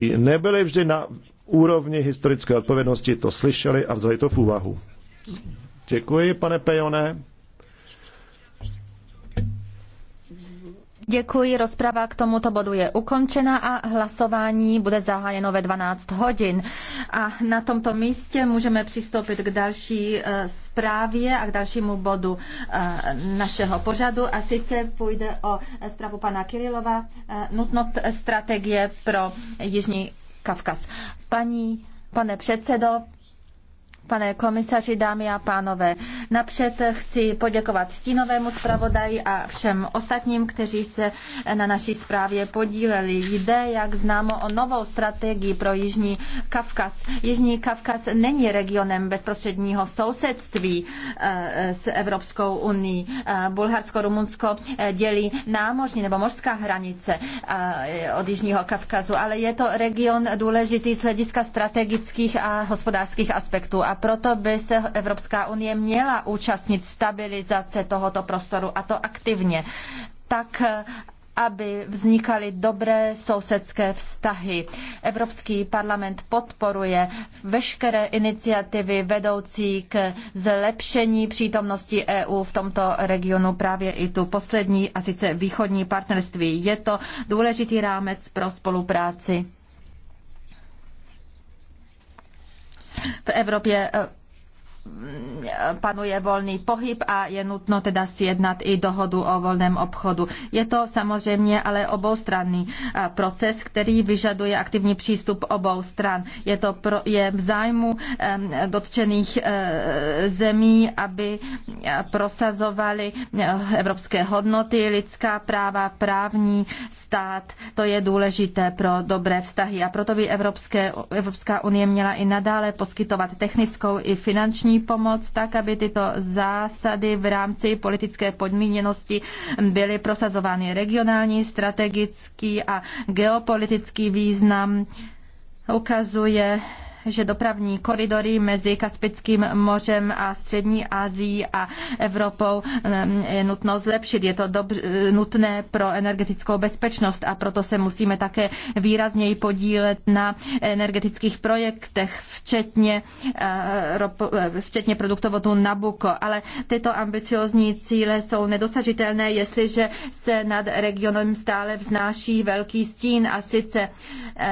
Nebyli vždy na úrovni historické odpovědnosti, to slyšeli a vzali to v úvahu. Děkuji, pane Pejone. Děkuji, rozprava k tomuto bodu je ukončena a hlasování bude zahájeno ve 12 hodin. A na tomto místě můžeme přistoupit k další eh, zprávě a k dalšímu bodu eh, našeho pořadu. A sice půjde o eh, zprávu pana Kirilova, nutnost strategie pro Jižní Kavkaz. Paní, pane předsedo, Pane komisaři, dámy a pánové, napřed chci poděkovat stínovému zpravodaji a všem ostatním, kteří se na naší zprávě podíleli. Jde, jak známo, o novou strategii pro Jižní Kavkaz. Jižní Kavkaz není regionem bezprostředního sousedství eh, s Evropskou unii. Eh, Bulharsko, Rumunsko eh, dělí námořní nebo mořská hranice od Jižního Kavkazu, ale je to region důležitý z hlediska strategických a hospodářských aspektů. A proto by se Evropská unie měla účastnit stabilizace tohoto prostoru a to aktivně. Tak, aby vznikaly dobré sousedské vztahy. Evropský parlament podporuje veškeré iniciativy vedoucí k zlepšení přítomnosti EU v tomto regionu, právě i tu poslední, a sice východní partnerství. Je to důležitý rámec pro spolupráci v Evropě eh, panuje volný pohyb a je nutno teda sjednat i dohodu o volném obchodu. Je to samozřejmě ale oboustranný eh, proces, který vyžaduje aktivní přístup obou stran. Je to pro, je v zájmu eh, dotčených eh, zemí, aby prosazovali evropské hodnoty, lidská práva, právní stát. To je důležité pro dobré vztahy a proto by Evropské, Evropská unie měla i nadále poskytovat technickou i finanční humanitární pomoc, tak aby tyto zásady v rámci politické podmíněnosti byly prosazovány. Regionální, strategický a geopolitický význam ukazuje že dopravní koridory mezi Kaspickým mořem a Střední Asií a Evropou ehm, je nutno zlepšit. Je to dobř, eh, nutné pro energetickou bezpečnost a proto se musíme také výrazněji podílet na energetických projektech, včetně, eh, eh, včetně produktovodu Nabuko. Ale tyto ambiciozní cíle jsou nedosažitelné, jestliže se nad regionem stále vznáší velký stín a sice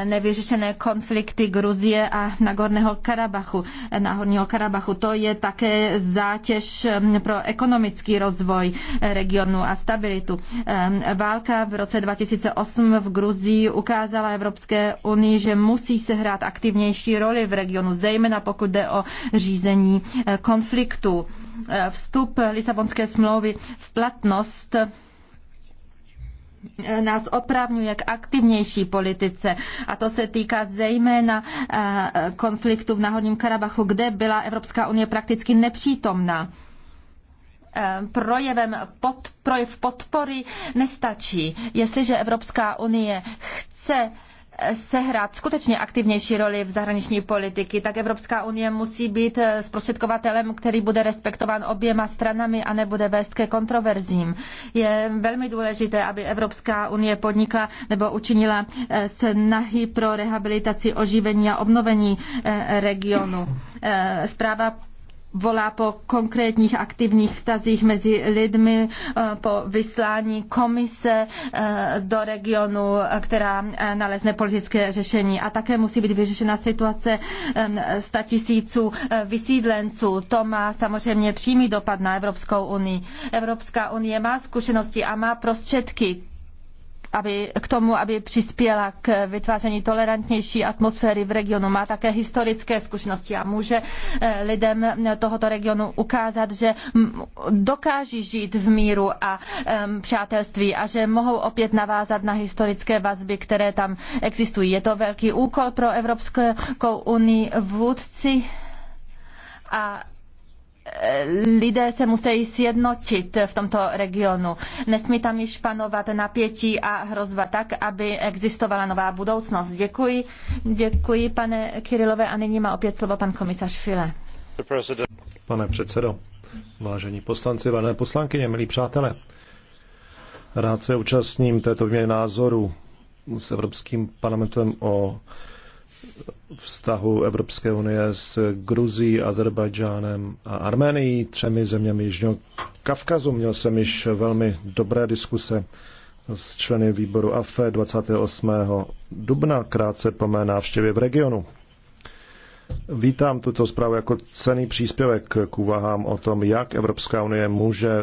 nevyřešené konflikty Gruzie a Nagorného Karabachu. Nahorního Karabachu. To je také zátěž mm, pro ekonomický rozvoj eh, regionu a stabilitu. Eh, válka v roce 2008 v Gruzii ukázala Evropské unii, že musí se hrát aktivnější roli v regionu, zejména pokud jde o řízení eh, konfliktu. Vstup Lisabonské smlouvy v platnost Eh, nás opravňuje k aktivnější politice a to se týká zejména eh, konfliktu v Náhodním Karabachu, kde byla Evropská unie prakticky nepřítomná eh, projevem pod, projev podpory nestačí. Jestliže Evropská unie chce sehrát skutečně aktivnější roli v zahraniční politiky, tak Evropská unie musí být zprostředkovatelem, který bude respektován oběma stranami a nebude vést ke kontroverzím. Je velmi důležité, aby Evropská unie podnikla nebo učinila eh, snahy pro rehabilitaci, oživení a obnovení eh, regionu. Eh, zpráva volá po konkrétních aktivních vztazích mezi lidmi, eh, po vyslání komise eh, do regionu, eh, která nalezne politické řešení. A také musí být vyřešena situace statisíců vysídlenců. To má samozřejmě přímý dopad na Evropskou unii. Evropská unie má zkušenosti a má prostředky aby, k tomu, aby přispěla k vytváření tolerantnější atmosféry v regionu. Má také historické zkušenosti a může eh, lidem tohoto regionu ukázat, že dokáží žít v míru a přátelství a že mohou opět navázat na historické vazby, které tam existují. Je to velký úkol pro Evropskou unii vůdci a lidé se musí sjednotit v tomto regionu. Nesmí tam již panovat napětí a hrozba tak, aby existovala nová budoucnost. Děkuji, děkuji pane Kirilové a nyní má opět slovo pan komisař File. Pane předsedo, vážení poslanci, vážené poslankyně, milí přátelé, rád se účastním této výměny názoru s Evropským parlamentem o vztahu Evropské unie s Gruzí, Azerbajdžánem a Arménií, třemi zeměmi Jižního Kavkazu. Měl jsem již velmi dobré diskuse s členy výboru AFE 28. dubna, krátce po mé návštěvě v regionu. Vítám tuto zprávu jako cený příspěvek k úvahám o tom, jak Evropská unie může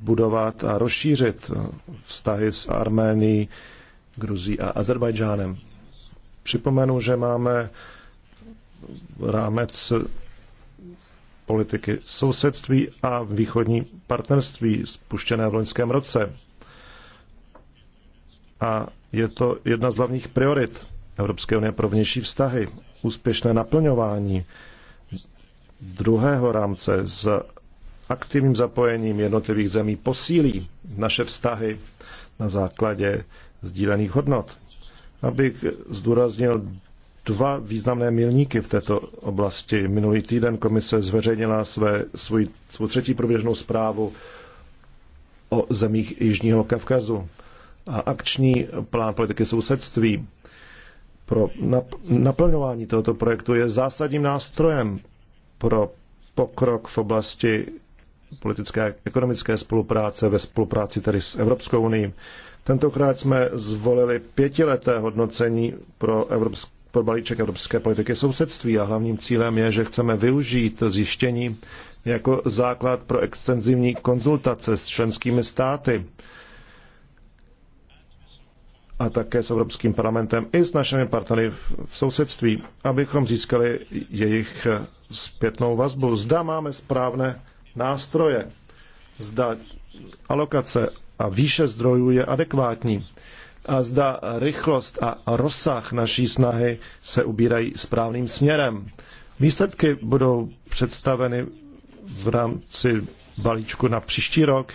budovat a rozšířit vztahy s Arménií, Gruzí a Azerbajdžánem. Připomenu, že máme rámec politiky sousedství a východní partnerství spuštěné v loňském roce. A je to jedna z hlavních priorit Evropské unie pro vnější vztahy. Úspěšné naplňování druhého rámce s aktivním zapojením jednotlivých zemí posílí naše vztahy na základě sdílených hodnot abych zdůraznil dva významné milníky v této oblasti. Minulý týden komise zveřejnila své, svůj, svou třetí průběžnou zprávu o zemích Jižního Kavkazu a akční plán politiky sousedství pro naplňování tohoto projektu je zásadním nástrojem pro pokrok v oblasti politické a ekonomické spolupráce ve spolupráci tedy s Evropskou unii. Tentokrát jsme zvolili pětileté hodnocení pro, evropsk- pro balíček evropské politiky sousedství a hlavním cílem je, že chceme využít zjištění jako základ pro extenzivní konzultace s členskými státy a také s Evropským parlamentem i s našimi partnery v sousedství, abychom získali jejich zpětnou vazbu. Zda máme správné nástroje, zda alokace a výše zdrojů je adekvátní a zda rychlost a rozsah naší snahy se ubírají správným směrem. Výsledky budou představeny v rámci balíčku na příští rok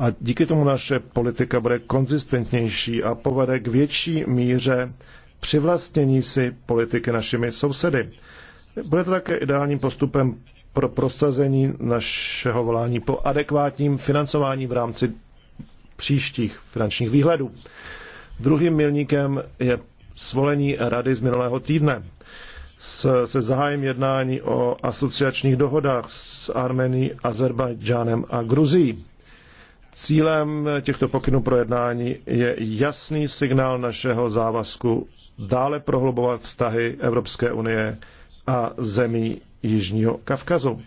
a díky tomu naše politika bude konzistentnější a povede k větší míře přivlastnění si politiky našimi sousedy. Bude to také ideálním postupem pro prosazení našeho volání po adekvátním financování v rámci příštích finančních výhledů. Druhým milníkem je svolení rady z minulého týdne se, se zahájem jednání o asociačních dohodách s Armenií, Azerbajdžánem a Gruzií. Cílem těchto pokynů pro jednání je jasný signál našeho závazku dále prohlubovat vztahy Evropské unie a zemí Jižního Kavkazu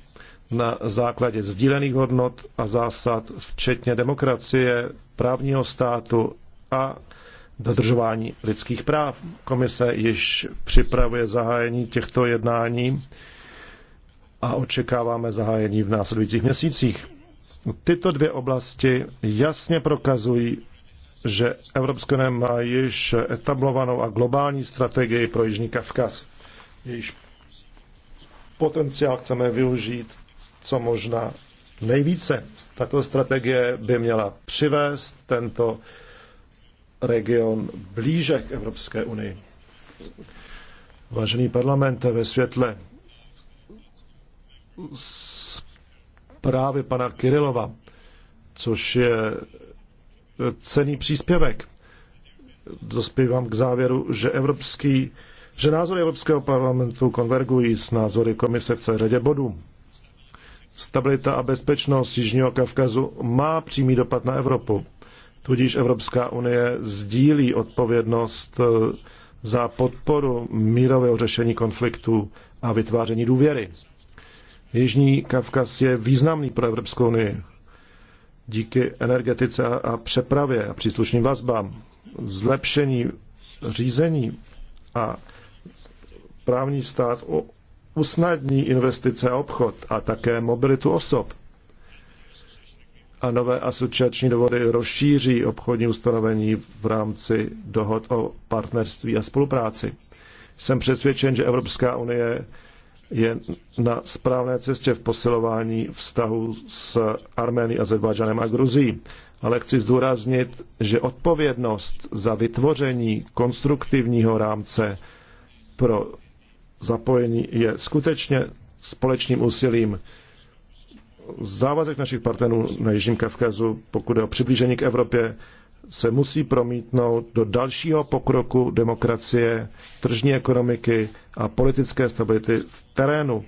na základě sdílených hodnot a zásad, včetně demokracie, právního státu a dodržování lidských práv. Komise již připravuje zahájení těchto jednání a očekáváme zahájení v následujících měsících. Tyto dvě oblasti jasně prokazují, že Evropské unie má již etablovanou a globální strategii pro Jižní Kavkaz. Jejíž potenciál chceme využít co možná nejvíce. Tato strategie by měla přivést tento region blíže k Evropské unii. Vážený parlamente, ve světle zprávy pana Kirilova, což je cený příspěvek, dospívám k závěru, že evropský že názory Evropského parlamentu konvergují s názory komise v celé řadě bodů. Stabilita a bezpečnost Jižního Kavkazu má přímý dopad na Evropu. Tudíž Evropská unie sdílí odpovědnost eh, za podporu mírového řešení konfliktů a vytváření důvěry. Jižní Kavkaz je významný pro Evropskou unii díky energetice a přepravě a příslušným vazbám, zlepšení řízení a právní stát usnadní investice a obchod a také mobilitu osob. A nové asociační dohody rozšíří obchodní ustanovení v rámci dohod o partnerství a spolupráci. Jsem přesvědčen, že Evropská unie je na správné cestě v posilování vztahu s Arménií, Azerbajdžanem a Gruzií. Ale chci zdůraznit, že odpovědnost za vytvoření konstruktivního rámce pro zapojení je skutečně společným úsilím. Závazek našich partnerů na Jižním Kavkazu, pokud je o přiblížení k Evropě, se musí promítnout do dalšího pokroku demokracie, tržní ekonomiky a politické stability v terénu.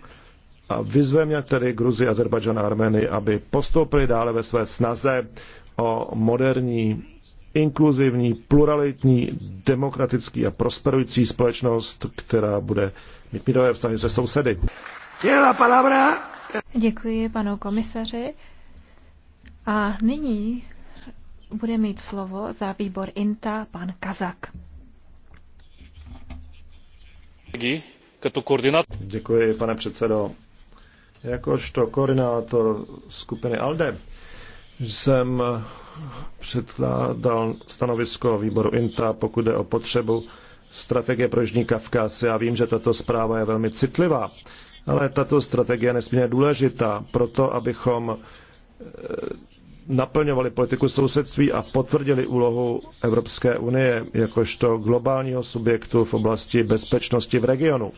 A vyzveme tedy Gruzi, Azerbajdžan a Armenii, aby postoupili dále ve své snaze o moderní, inkluzivní, pluralitní, demokratický a prosperující společnost, která bude vztahy se sousedy. Děkuji panu komisaři. A nyní bude mít slovo za výbor INTA pan Kazak. Děkuji, pane předsedo. Jakožto koordinátor skupiny ALDE jsem předkládal stanovisko výboru INTA, pokud jde o potřebu strategie pro Jižní Kavkaz. Já vím, že tato zpráva je velmi citlivá, ale tato strategie je nesmírně důležitá to, abychom eh, naplňovali politiku sousedství a potvrdili úlohu Evropské unie jakožto globálního subjektu v oblasti bezpečnosti v regionu.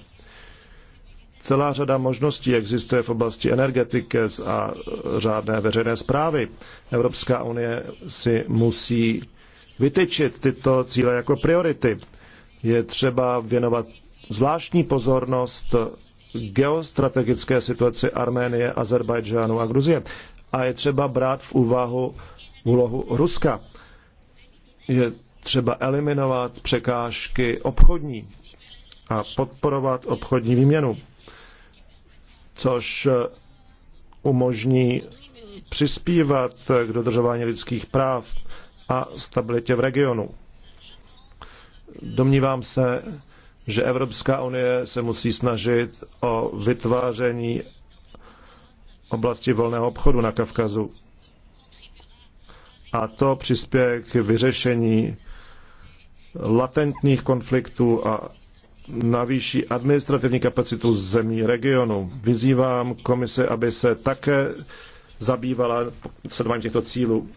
Celá řada možností existuje v oblasti energetiky a řádné veřejné zprávy. Evropská unie si musí vytyčit tyto cíle jako priority je třeba věnovat zvláštní pozornost geostrategické situaci Arménie, Azerbajdžánu a Gruzie. A je třeba brát v úvahu úlohu Ruska. Je třeba eliminovat překážky obchodní a podporovat obchodní výměnu, což umožní přispívat k dodržování lidských práv a stabilitě v regionu. Domnívám se, že Evropská unie se musí snažit o vytváření oblasti volného obchodu na Kavkazu. A to přispěje k vyřešení latentních konfliktů a navýší administrativní kapacitu zemí regionu. Vyzývám komise, aby se také zabývala sledováním těchto cílů.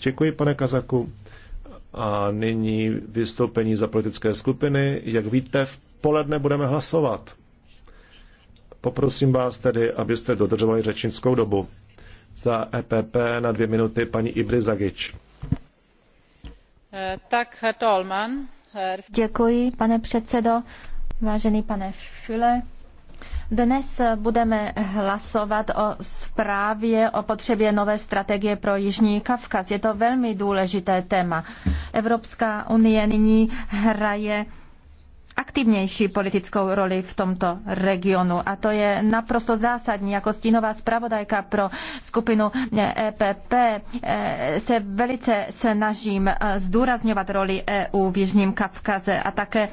Děkuji, pane Kazaku. A nyní vystoupení za politické skupiny. Jak víte, v poledne budeme hlasovat. Poprosím vás tedy, abyste dodržovali řečnickou dobu. Za EPP na dvě minuty paní Ibry Zagič. Eh, Děkuji, pane předsedo. Vážený pane File, dnes budeme hlasovat o zprávě o potřebě nové strategie pro Jižní Kavkaz. Je to velmi důležité téma. Evropská unie nyní hraje aktivnější politickou roli v tomto regionu. A to je naprosto zásadní. Jako stínová zpravodajka pro skupinu EPP eh, e eh, se velice snažím eh, zdůrazňovat roli EU v Jižním Kavkaze a také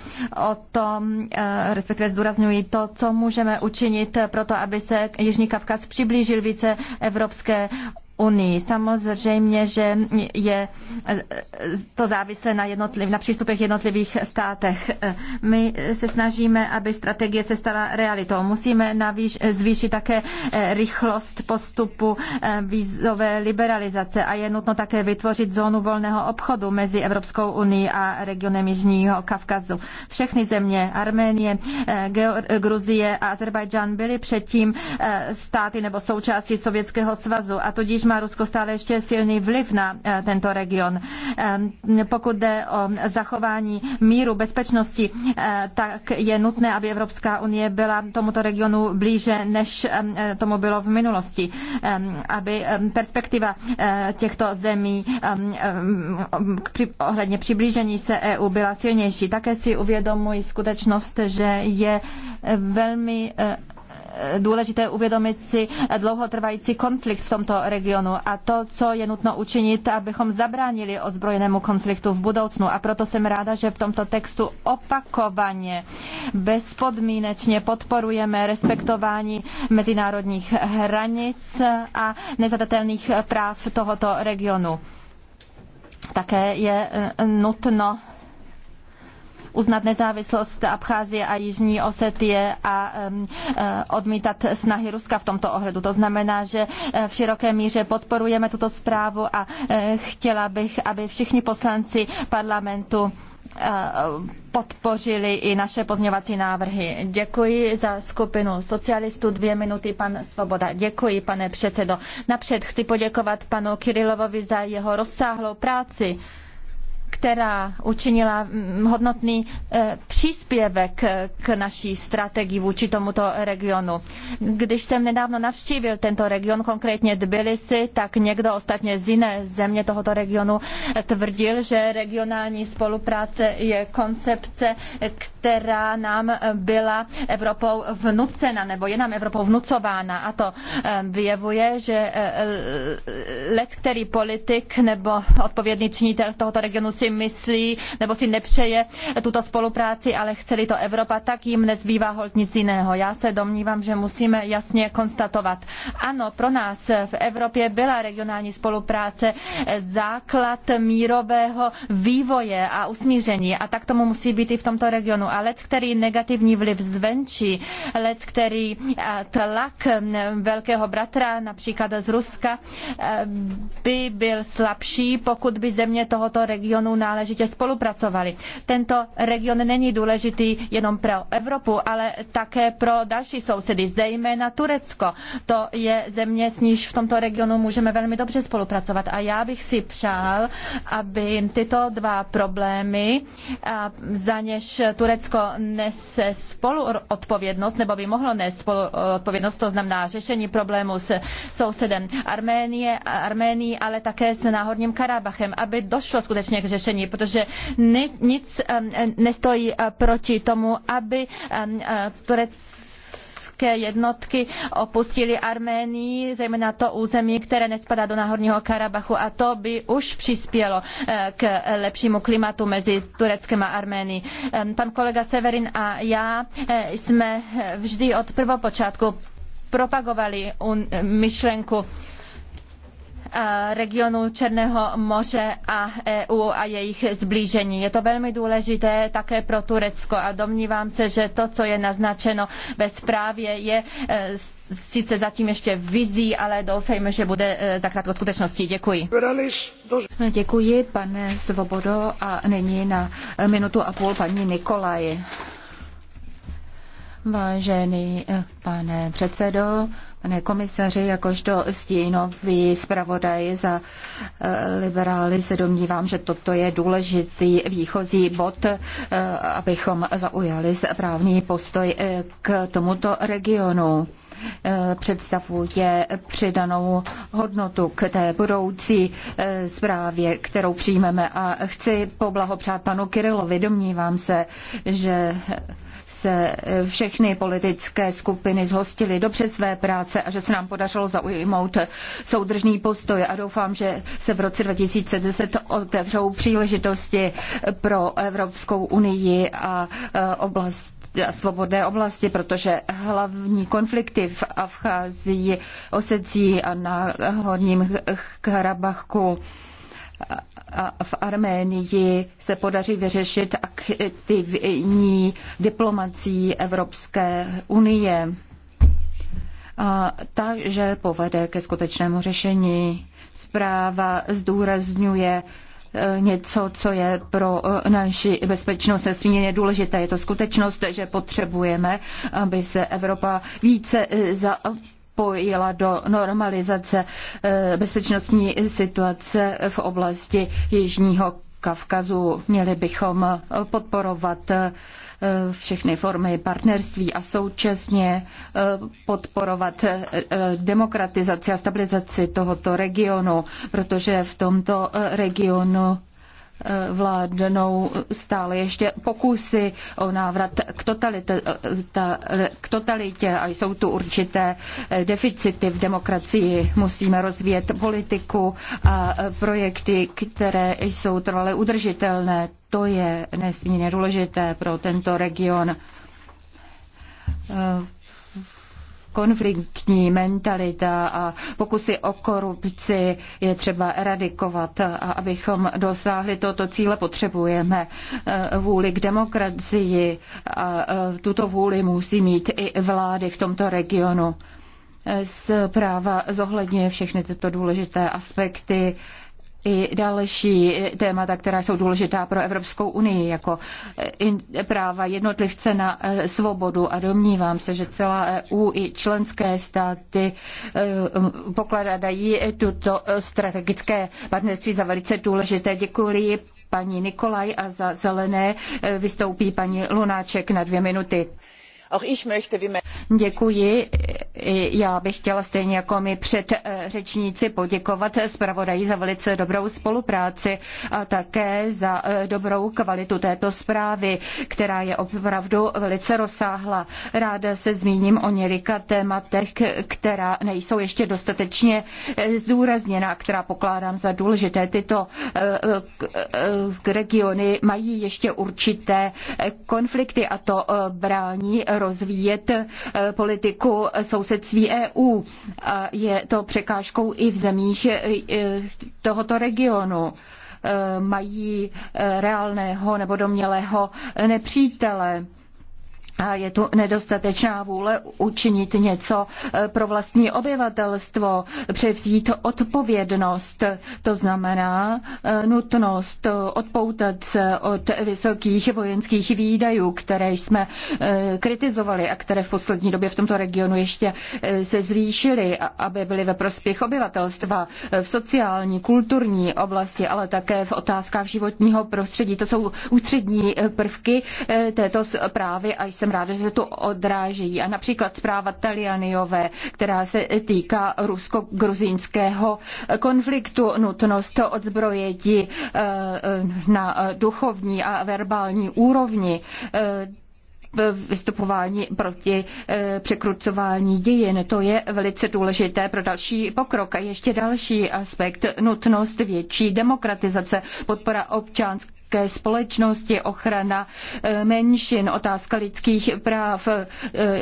o tom, respektive zdůrazňuji to, co můžeme učinit pro to, aby se Jižní Kavkaz přiblížil více Evropské unii. Samozřejmě, že je to závislé na, jednotliv, na přístupech jednotlivých státech. My se snažíme, aby strategie se stala realitou. Musíme navíš, zvýšit také eh, rychlost postupu eh, vízové liberalizace a je nutno také vytvořit zónu volného obchodu mezi Evropskou unii a regionem Jižního Kavkazu. Všechny země, Arménie, eh, Gruzie a Azerbajdžan byly předtím státy nebo součástí Sovětského svazu a tudíž má Rusko stále ještě silný vliv na eh, tento region. Eh, pokud jde o zachování míru, bezpečnosti, eh, tak je nutné, aby Evropská unie byla tomuto regionu blíže, než tomu bylo v minulosti. Aby perspektiva těchto zemí ohledně přiblížení se EU byla silnější. Také si uvědomuji skutečnost, že je velmi důležité uvědomit si dlouhotrvající konflikt v tomto regionu a to, co je nutno učinit, abychom zabránili ozbrojenému konfliktu v budoucnu. A proto jsem ráda, že v tomto textu opakovaně bezpodmínečně podporujeme respektování mezinárodních hranic a nezadatelných práv tohoto regionu. Také je e, nutno uznat nezávislost Abcházie a Jižní Osetie a eh, odmítat snahy Ruska v tomto ohledu. To znamená, že eh, v široké míře podporujeme tuto zprávu a eh, chtěla bych, aby všichni poslanci parlamentu podpořili i naše pozměvací návrhy. Děkuji za skupinu socialistů. Dvě minuty, pan Svoboda. Děkuji, pane předsedo. Napřed chci poděkovat panu Kirilovovi za jeho rozsáhlou práci která učinila mm, hodnotný eh, příspěvek eh, k naší strategii vůči tomuto regionu. Když jsem nedávno navštívil tento region, konkrétně Tbilisi, tak někdo ostatně z jiné země tohoto regionu eh, tvrdil, že regionální spolupráce je koncepce, která nám byla Evropou vnucena, nebo je nám Evropou vnucována. A to vyjevuje, že let, který politik nebo odpovědný činitel tohoto regionu si myslí nebo si nepřeje tuto spolupráci, ale chce-li to Evropa, tak jim nezbývá holt nic jiného. Já se domnívám, že musíme jasně konstatovat. Ano, pro nás v Evropě byla regionální spolupráce základ mírového vývoje a usmíření a tak tomu musí být i v tomto regionu. A lec, který negativní vliv zvenčí, lec, který eh, tlak velkého bratra, například z Ruska, eh, by byl slabší, pokud by země tohoto regionu náležitě spolupracovali. Tento region není důležitý jenom pro Evropu, ale také pro další sousedy, zejména Turecko. To je země, s níž v tomto regionu můžeme velmi dobře spolupracovat. A já bych si přál, aby tyto dva problémy, za něž Turecko nese spolu odpovědnost, nebo by mohlo nést spolu odpovědnost, to znamená řešení problému s sousedem Arménie, Arménii, ale také s Náhorním Karabachem, aby došlo skutečně k řešení řešení, protože nic nestojí eh, proti tomu, aby eh, turecké jednotky opustily Arménii, zejména to území, které nespadá do Náhorního Karabachu a to by už přispělo eh, k lepšímu klimatu mezi Tureckem a Arménií. Pan kolega Severin a já jsme vždy od prvopočátku propagovali myšlenku Eh, regionu Černého moře a EU a jejich zblížení. Je to velmi důležité také pro Turecko a domnívám se, že to, co je naznačeno ve zprávě, je eh, sice zatím ještě vizí, ale doufejme, že bude eh, zakrátko skutečností. Děkuji. Děkuji, pane Svobodo, a nyní na minutu a půl paní Nikolaj. Vážený eh, pane předsedo, pane komisaři, jakožto stínový zpravodaj za eh, liberály se domnívám, že toto je důležitý výchozí bod, eh, abychom zaujali správný postoj k tomuto regionu. Eh, představuje přidanou hodnotu k té budoucí eh, zprávě, kterou přijmeme. A chci poblahopřát panu Kirilovi. Domnívám se, že se všechny politické skupiny zhostily dobře své práce a že se nám podařilo zaujmout soudržný postoj a doufám, že se v roce 2010 otevřou příležitosti pro Evropskou unii a eh, oblast svobodné oblasti, protože hlavní konflikty v Abcházii, Osecí a na Horním Karabachu a v Arménii se podaří vyřešit aktivní diplomací Evropské unie. A ta, že povede ke skutečnému řešení. Zpráva zdůrazňuje Eh, něco, co je pro eh, naši bezpečnost nesmírně důležité. Je to skutečnost, že potřebujeme, aby se Evropa více eh, za pojila do normalizace bezpečnostní situace v oblasti Jižního Kavkazu. Měli bychom podporovat všechny formy partnerství a současně eh, podporovat eh, demokratizaci a stabilizaci tohoto regionu, protože v tomto eh, regionu vládnou stále ještě pokusy o návrat k, totalite, ta, k totalitě a jsou tu určité deficity v demokracii. Musíme rozvíjet politiku a projekty, které jsou trvale udržitelné to je nesmírně důležité pro tento region. Konfliktní mentalita a pokusy o korupci je třeba eradikovat. A abychom dosáhli tohoto cíle, potřebujeme e, vůli k demokracii. A e, tuto vůli musí mít i vlády v tomto regionu. E, zpráva zohledňuje všechny tyto důležité aspekty i další témata, která jsou důležitá pro Evropskou unii, jako eh, práva jednotlivce na eh, svobodu. A domnívám se, že celá EU i členské státy eh, pokladají tuto strategické partnerství za velice důležité. Děkuji paní Nikolaj a za zelené vystoupí paní Lunáček na dvě minuty. Děkuji. Já bych chtěla stejně jako mi předřečníci eh, poděkovat zpravodaji za velice dobrou spolupráci a také za eh, dobrou kvalitu této zprávy, která je opravdu velice rozsáhla. Ráda se zmíním o několika tématech, která nejsou ještě dostatečně eh, zdůrazněna, která pokládám za důležité. Tyto regiony mají ještě určité konflikty a to brání rozvíjet eh, politiku sousedství EU. je to překážkou i v zemích eh, eh, tohoto regionu. Mají reálného nebo domělého nepřítele a je tu nedostatečná vůle učinit něco eh, pro vlastní obyvatelstvo, převzít odpovědnost, to znamená eh, nutnost eh, odpoutat se od vysokých vojenských výdajů, které jsme kritizovali a které v poslední době v tomto regionu ještě se zvýšily, aby byly ve prospěch obyvatelstva v sociální, kulturní oblasti, ale také v otázkách životního prostředí. To jsou ústřední prvky této zprávy a jsem jsem ráda, že se tu odrážejí. A například zpráva Talianiové, která se týká rusko-gruzínského konfliktu, nutnost odzbrojeti eh, na duchovní a verbální úrovni eh, vystupování proti eh, překrucování dějin. To je velice důležité pro další pokrok. A ještě další aspekt, nutnost větší demokratizace, podpora občanské občanské společnosti, ochrana eh, menšin, otázka lidských práv. Eh,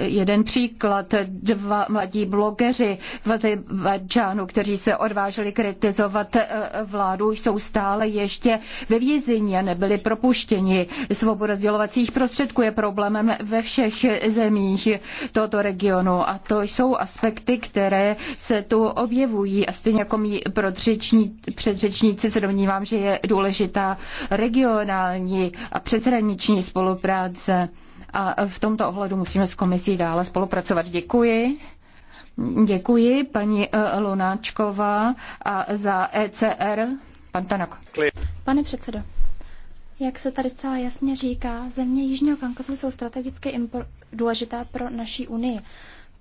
jeden příklad, dva mladí blogeři v Azerbajdžánu, kteří se odvážili kritizovat eh, vládu, jsou stále ještě ve vězení a nebyli propuštěni. Svoboda sdělovacích prostředků je problémem ve všech zemích tohoto regionu a to jsou aspekty, které se tu objevují a stejně jako mý předřečníci se domnívám, že je důležitá region regionální a přeshraniční spolupráce. A v tomto ohledu musíme s komisí dále spolupracovat. Děkuji. Děkuji paní eh, Lunáčková a za ECR pan Tanok. Pane předsedo, jak se tady zcela jasně říká, země Jižního Kaukazu jsou strategicky důležité pro naší unii,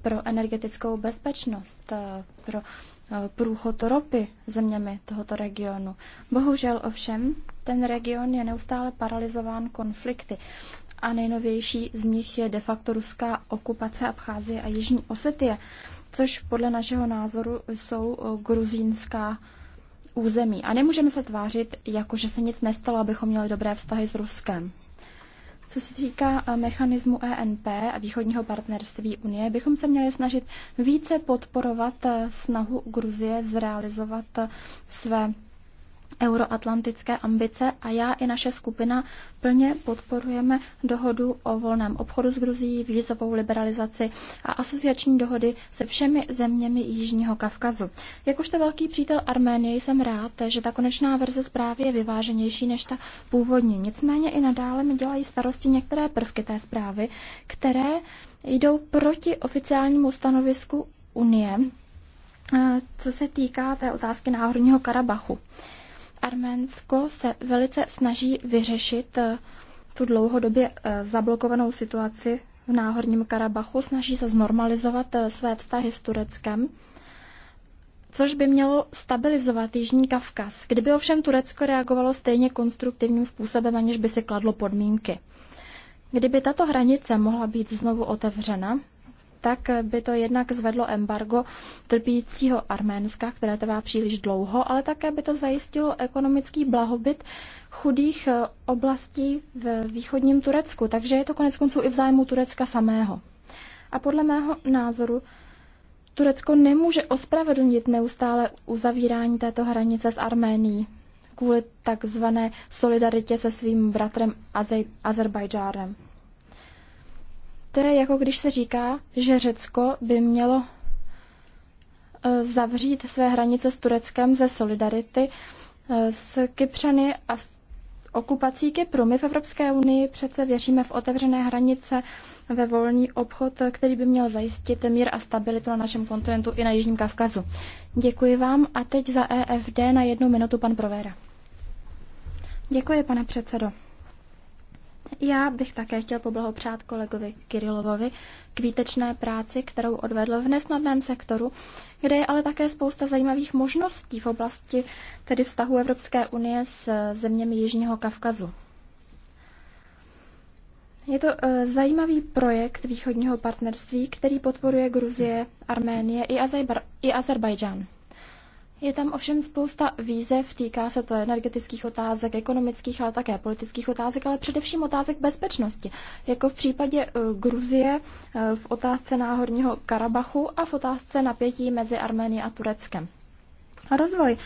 pro energetickou bezpečnost, eh, pro eh, průchod ropy zeměmi tohoto regionu. Bohužel ovšem, ten region je neustále paralizován konflikty a nejnovější z nich je de facto ruská okupace Abcházie a Jižní Osetie, což podle našeho názoru jsou eh, gruzínská území. A nemůžeme se tvářit, jako že se nic nestalo, abychom měli dobré vztahy s Ruskem. Co se týká eh, mechanismu ENP a východního partnerství Unie, bychom se měli snažit více podporovat eh, snahu Gruzie zrealizovat své euroatlantické ambice a já i naše skupina plně podporujeme dohodu o volném obchodu s Gruzií, vízovou liberalizaci a asociační dohody se všemi zeměmi Jižního Kavkazu. Jakožto velký přítel Arménie jsem rád, že ta konečná verze zprávy je vyváženější než ta původní. Nicméně i nadále mi dělají starosti některé prvky té zprávy, které jdou proti oficiálnímu stanovisku Unie, eh, co se týká té otázky Náhorního Karabachu. Arménsko se velice snaží vyřešit eh, tu dlouhodobě eh, zablokovanou situaci v Náhorním Karabachu, snaží se znormalizovat eh, své vztahy s Tureckem, což by mělo stabilizovat Jižní Kavkaz. Kdyby ovšem Turecko reagovalo stejně konstruktivním způsobem, aniž by si kladlo podmínky. Kdyby tato hranice mohla být znovu otevřena, tak by to jednak zvedlo embargo trpícího Arménska, které trvá příliš dlouho, ale také by to zajistilo ekonomický blahobyt chudých eh, oblastí v východním Turecku. Takže je to konec konců i v zájmu Turecka samého. A podle mého názoru Turecko nemůže ospravedlnit neustále uzavírání této hranice s Arménií kvůli takzvané solidaritě se svým bratrem Azerbajdžárem. To je jako když se říká, že Řecko by mělo eh, zavřít své hranice s Tureckem ze solidarity eh, s Kypřany a s okupací Kypru. My v Evropské unii přece věříme v otevřené hranice, ve volný obchod, eh, který by měl zajistit mír a stabilitu na našem kontinentu i na Jižním Kavkazu. Děkuji vám a teď za EFD na jednu minutu pan Provera. Děkuji, pane předsedo. Já bych také chtěl poblahopřát kolegovi Kirilovovi k výtečné práci, kterou odvedl v nesnadném sektoru, kde je ale také spousta zajímavých možností v oblasti tedy vztahu Evropské unie s zeměmi Jižního Kavkazu. Je to eh, zajímavý projekt východního partnerství, který podporuje Gruzie, Arménie i, Azerba- i Azerbajdžán. Je tam ovšem spousta výzev, týká se to energetických otázek, ekonomických, ale také politických otázek, ale především otázek bezpečnosti, jako v případě eh, Gruzie eh, v otázce náhorního Karabachu a v otázce napětí mezi Arménií a Tureckem. A rozvoj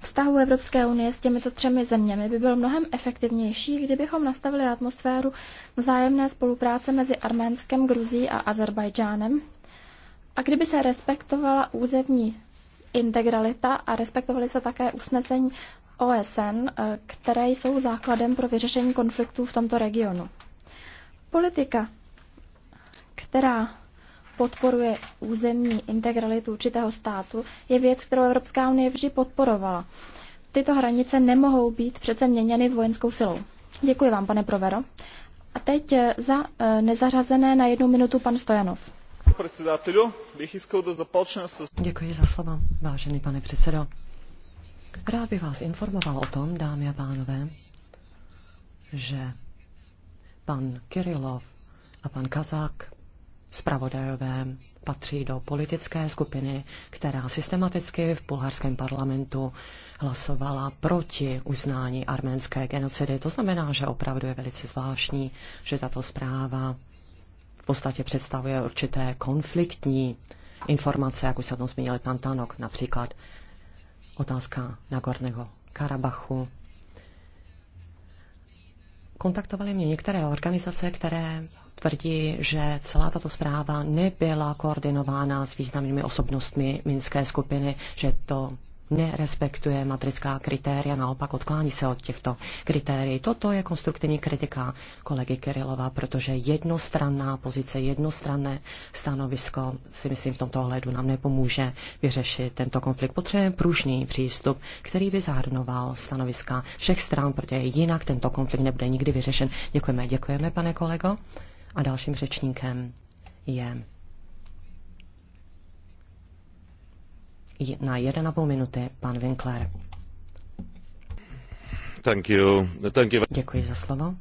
vztahu Evropské unie s těmito třemi zeměmi by byl mnohem efektivnější, kdybychom nastavili atmosféru vzájemné spolupráce mezi Arménskem, Gruzí a Azerbajdžánem a kdyby se respektovala územní integralita a respektovaly se také usnesení OSN, eh, které jsou základem pro vyřešení konfliktů v tomto regionu. Politika, která podporuje územní integralitu určitého státu, je věc, kterou Evropská unie vždy podporovala. Tyto hranice nemohou být přece měněny vojenskou silou. Děkuji vám, pane Provero. A teď eh, za eh, nezařazené na jednu minutu pan Stojanov. Děkuji za vážený pane předsedo. Rád bych vás informoval o tom, dámy a pánové, že pan Kirilov a pan Kazák, zpravodajové, patří do politické skupiny, která systematicky v bulharském parlamentu hlasovala proti uznání arménské genocidy. To znamená, že opravdu je velice zvláštní, že tato zpráva podstatě představuje určité konfliktní informace, jak už se o tom zmínil pan Tanok, například otázka Nagorného Karabachu. Kontaktovaly mě některé organizace, které tvrdí, že celá tato zpráva nebyla koordinována s významnými osobnostmi Minské skupiny, že to nerespektuje matrická kritéria, naopak odklání se od těchto kritérií. Toto je konstruktivní kritika kolegy Kirilova, protože jednostranná pozice, jednostranné stanovisko si myslím v tomto ohledu nám nepomůže vyřešit tento konflikt. Potřebujeme pružný přístup, který by zahrnoval stanoviska všech stran, protože jinak tento konflikt nebude nikdy vyřešen. Děkujeme, děkujeme, pane kolego. A dalším řečníkem je na 1,5 minuty pan Winkler. Thank you. Thank you. Děkuji za slovo.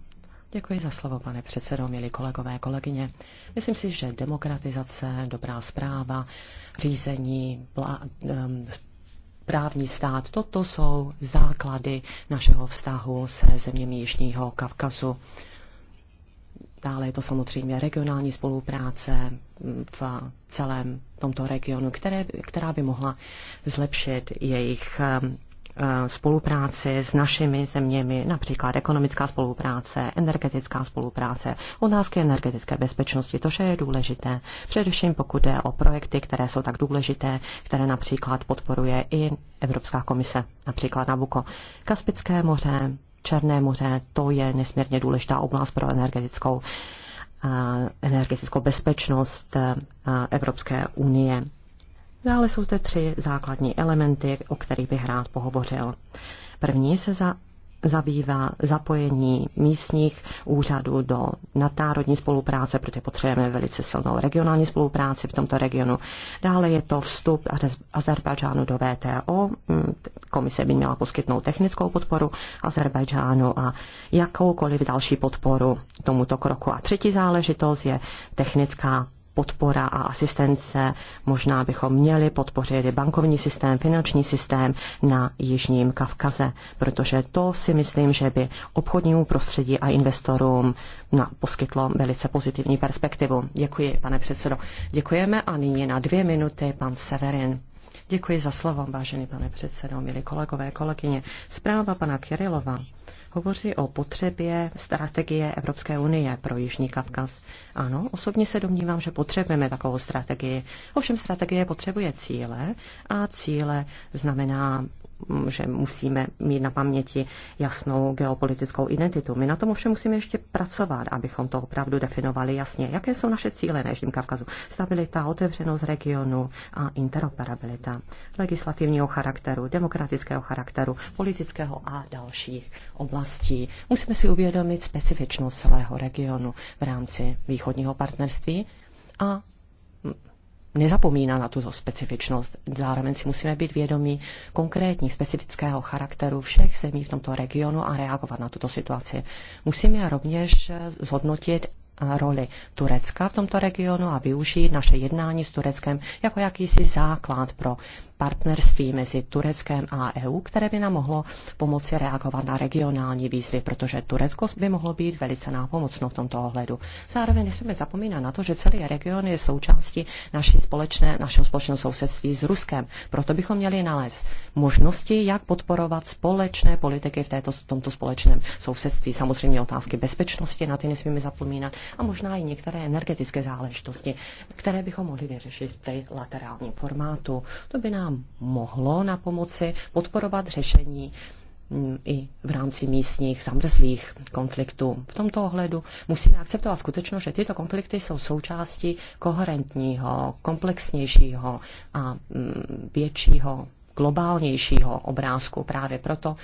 Děkuji za slovo, pane předsedo, milí kolegové, kolegyně. Myslím si, že demokratizace, dobrá zpráva, řízení, blá, um, právní stát, toto jsou základy našeho vztahu se zeměmi Jižního Kavkazu. Dále je to samozřejmě regionální spolupráce, v celém tomto regionu, které, která by mohla zlepšit jejich eh, eh, spolupráci s našimi zeměmi, například ekonomická spolupráce, energetická spolupráce, otázky energetické bezpečnosti, to vše je důležité. Především pokud jde o projekty, které jsou tak důležité, které například podporuje i Evropská komise, například Nabuko. Kaspické moře, Černé moře, to je nesmírně důležitá oblast pro energetickou energetickou bezpečnost eh, Evropské unie. Dále jsou zde tři základní elementy, o kterých bych rád pohovořil. První se za, zabývá zapojení místních úřadů do nadnárodní spolupráce, protože potřebujeme velice silnou regionální spolupráci v tomto regionu. Dále je to vstup Azerbajdžánu do VTO. Mm, komise by měla poskytnout technickou podporu Azerbajdžánu a jakoukoliv další podporu tomuto kroku. A třetí záležitost je technická podpora a asistence. Možná bychom měli podpořit bankovní systém, finanční systém na Jižním Kavkaze, protože to si myslím, že by obchodnímu prostředí a investorům na, poskytlo velice pozitivní perspektivu. Děkuji, pane předsedo. Děkujeme a nyní na dvě minuty pan Severin. Děkuji za slovo, vážený pane předsedo, milí kolegové, kolegyně. Zpráva pana Kirilova hovoří o potřebě strategie Evropské unie pro Jižní Kavkaz. Ano, osobně se domnívám, že potřebujeme takovou strategii. Ovšem strategie potřebuje cíle a cíle znamená Mm, že musíme mít na paměti jasnou geopolitickou identitu. My na tom ovšem musíme ještě pracovat, abychom to opravdu definovali jasně. Jaké jsou naše cíle na Jižním Kavkazu? Stabilita, otevřenost regionu a interoperabilita legislativního charakteru, demokratického charakteru, politického a dalších oblastí. Musíme si uvědomit specifičnost celého regionu v rámci východního partnerství a nezapomíná na tuto specifičnost. Zároveň si musíme být vědomi konkrétní specifického charakteru všech zemí v tomto regionu a reagovat na tuto situaci. Musíme rovněž zhodnotit roli Turecka v tomto regionu a využít naše jednání s Tureckem jako jakýsi základ pro partnerství mezi Tureckem a EU, které by nám mohlo pomoci reagovat na regionální výzvy, protože Turecko by mohlo být velice nápomocno v tomto ohledu. Zároveň nesmíme zapomínat na to, že celý region je součástí naší společné, našeho společného sousedství s Ruskem. Proto bychom měli nalézt možnosti, jak podporovat společné politiky v, této, v tomto společném sousedství. Samozřejmě otázky bezpečnosti, na ty nesmíme zapomínat a možná i některé energetické záležitosti, které bychom mohli vyřešit v té laterálním formátu. To by nám nám mohlo na pomoci podporovat řešení mm, i v rámci místních zamrzlých konfliktů. V tomto ohledu musíme akceptovat skutečnost, že tyto konflikty jsou součástí koherentního, komplexnějšího a mm, většího, globálnějšího obrázku. Právě proto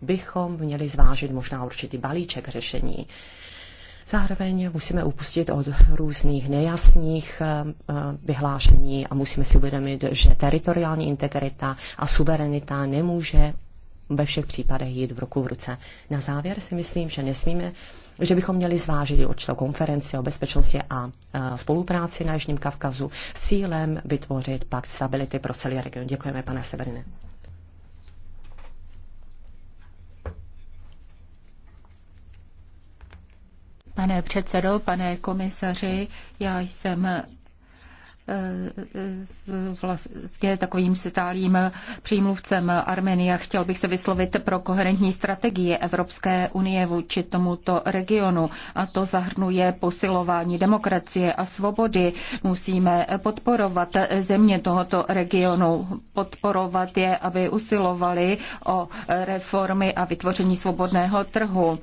bychom měli zvážit možná určitý balíček řešení. Zároveň musíme upustit od různých nejasných eh, eh, vyhlášení a musíme si uvědomit, že teritoriální integrita a suverenita nemůže ve všech případech jít v ruku v ruce. Na závěr si myslím, že nesmíme, že bychom měli zvážit určitou konferenci o bezpečnosti a eh, spolupráci na Jižním Kavkazu s cílem vytvořit pakt stability pro celý region. Děkujeme, pane Severine. Pane předsedo, pane komisaři, já jsem vlastně takovým stálým přímluvcem Armenie. Chtěl bych se vyslovit pro koherentní strategii Evropské unie vůči tomuto regionu a to zahrnuje posilování demokracie a svobody. Musíme podporovat země tohoto regionu, podporovat je, aby usilovali o reformy a vytvoření svobodného trhu.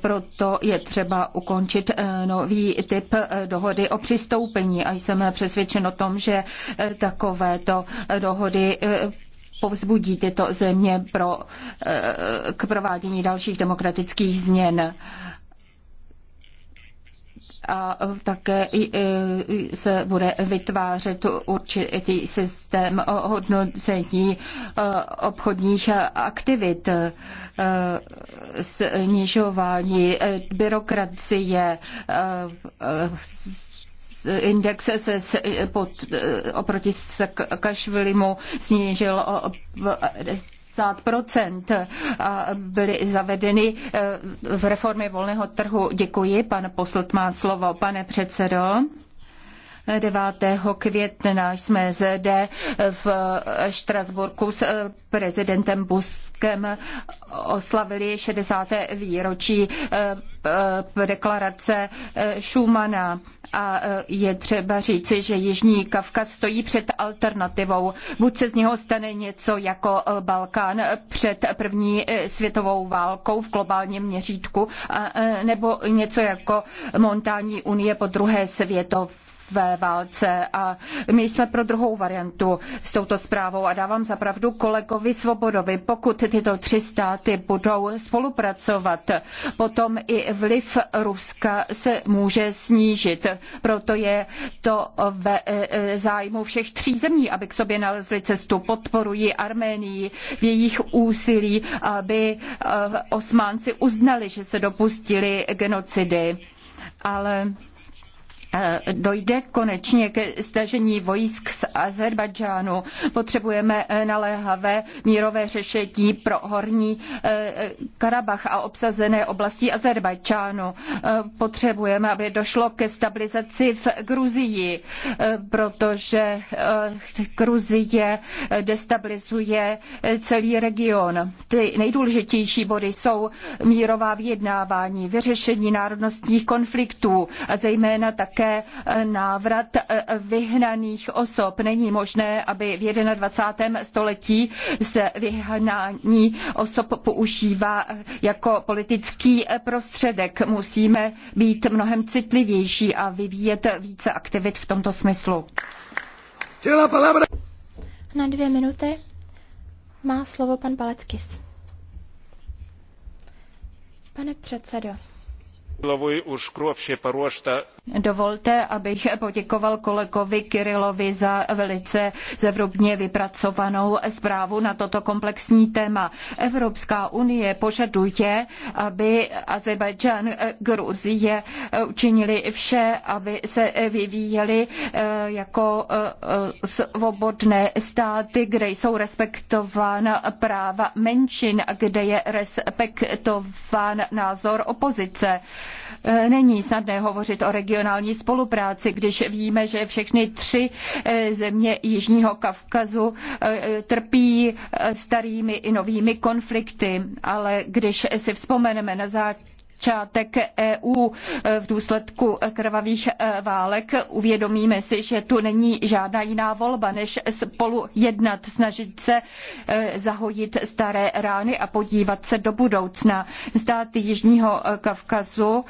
Proto je třeba ukončit nový typ dohody o přistoupení a jsem přesvědčen, přesvědčen o tom, že eh, takovéto eh, dohody eh, povzbudí tyto země pro, k provádění dalších demokratických změn a také se bude vytvářet určitý systém hodnocení obchodních aktivit, snižování byrokracie, index se pod, oproti Sakašvilimu snížil o 50 a byly zavedeny eh, v reformě volného trhu. Děkuji, pan poslat má slovo. Pane předsedo. 9. května jsme zde v Štrasburku s prezidentem Buskem oslavili 60. výročí eh, deklarace eh, Schumana. A eh, je třeba říci, že Jižní Kavkaz stojí před alternativou. Buď se z něho stane něco jako Balkán před první světovou válkou v globálním měřítku, nebo něco jako montánní unie po druhé světové ve válce a my jsme pro druhou variantu s touto zprávou a dávám zapravdu kolegovi Svobodovi. Pokud tyto tři státy budou spolupracovat, potom i vliv Ruska se může snížit. Proto je to ve e, e, zájmu všech tří zemí, aby k sobě nalezli cestu. Podporuji Arménii v jejich úsilí, aby e, osmánci uznali, že se dopustili genocidy. Ale Eh, dojde konečně ke stažení vojsk z Azerbajdžánu. Potřebujeme eh, naléhavé mírové řešení pro horní eh, Karabach a obsazené oblasti Azerbajdžánu. Potřebujeme, aby došlo ke stabilizaci v Gruzii, protože Gruzie destabilizuje celý region. Ty nejdůležitější body jsou mírová vyjednávání, vyřešení národnostních konfliktů a zejména také také eh, návrat eh, vyhnaných osob. Není možné, aby v 21. století se vyhnání osob používá eh, jako politický prostředek. Musíme být mnohem citlivější a vyvíjet více aktivit v tomto smyslu. Na dvě minuty má slovo pan Paleckis. Pane předsedo. Už paruoštą Dovolte, abych poděkoval kolegovi Kirilovi za velice zevrubně vypracovanou zprávu na toto komplexní téma. Evropská unie požaduje, aby Azerbajdžán, eh, Gruzie eh, učinili vše, aby se eh, vyvíjeli jako svobodné státy, kde jsou respektována práva menšin, kde je respektován názor opozice. Není snadné hovořit o regionu regionální spolupráci, když víme, že všechny tři eh, země Jižního Kavkazu eh, trpí eh, starými i novými konflikty. Ale když si vzpomeneme na začátek EU v důsledku krvavých válek. Uvědomíme si, že tu není žádná jiná volba, než spolu jednat, snažit se zahojit staré rány a podívat se do budoucna. Státy Jižního Kavkazu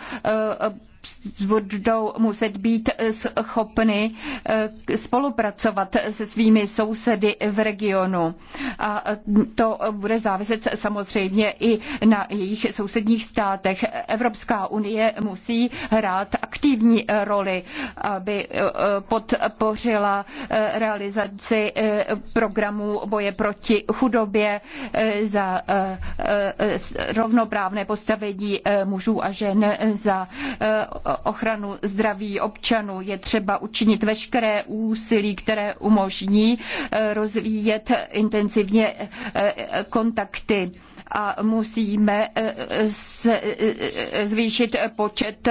budou muset být schopny eh, spolupracovat se svými sousedy v regionu. A to bude záviset samozřejmě i na jejich sousedních státech. Evropská unie musí hrát aktivní roli, aby eh, podpořila eh, realizaci programů boje proti chudobě za rovnoprávné postavení mužů a žen za ochranu zdraví občanů. Je třeba učinit veškeré úsilí, které umožní eh, rozvíjet intenzivně eh, eh, kontakty a musíme zvýšit počet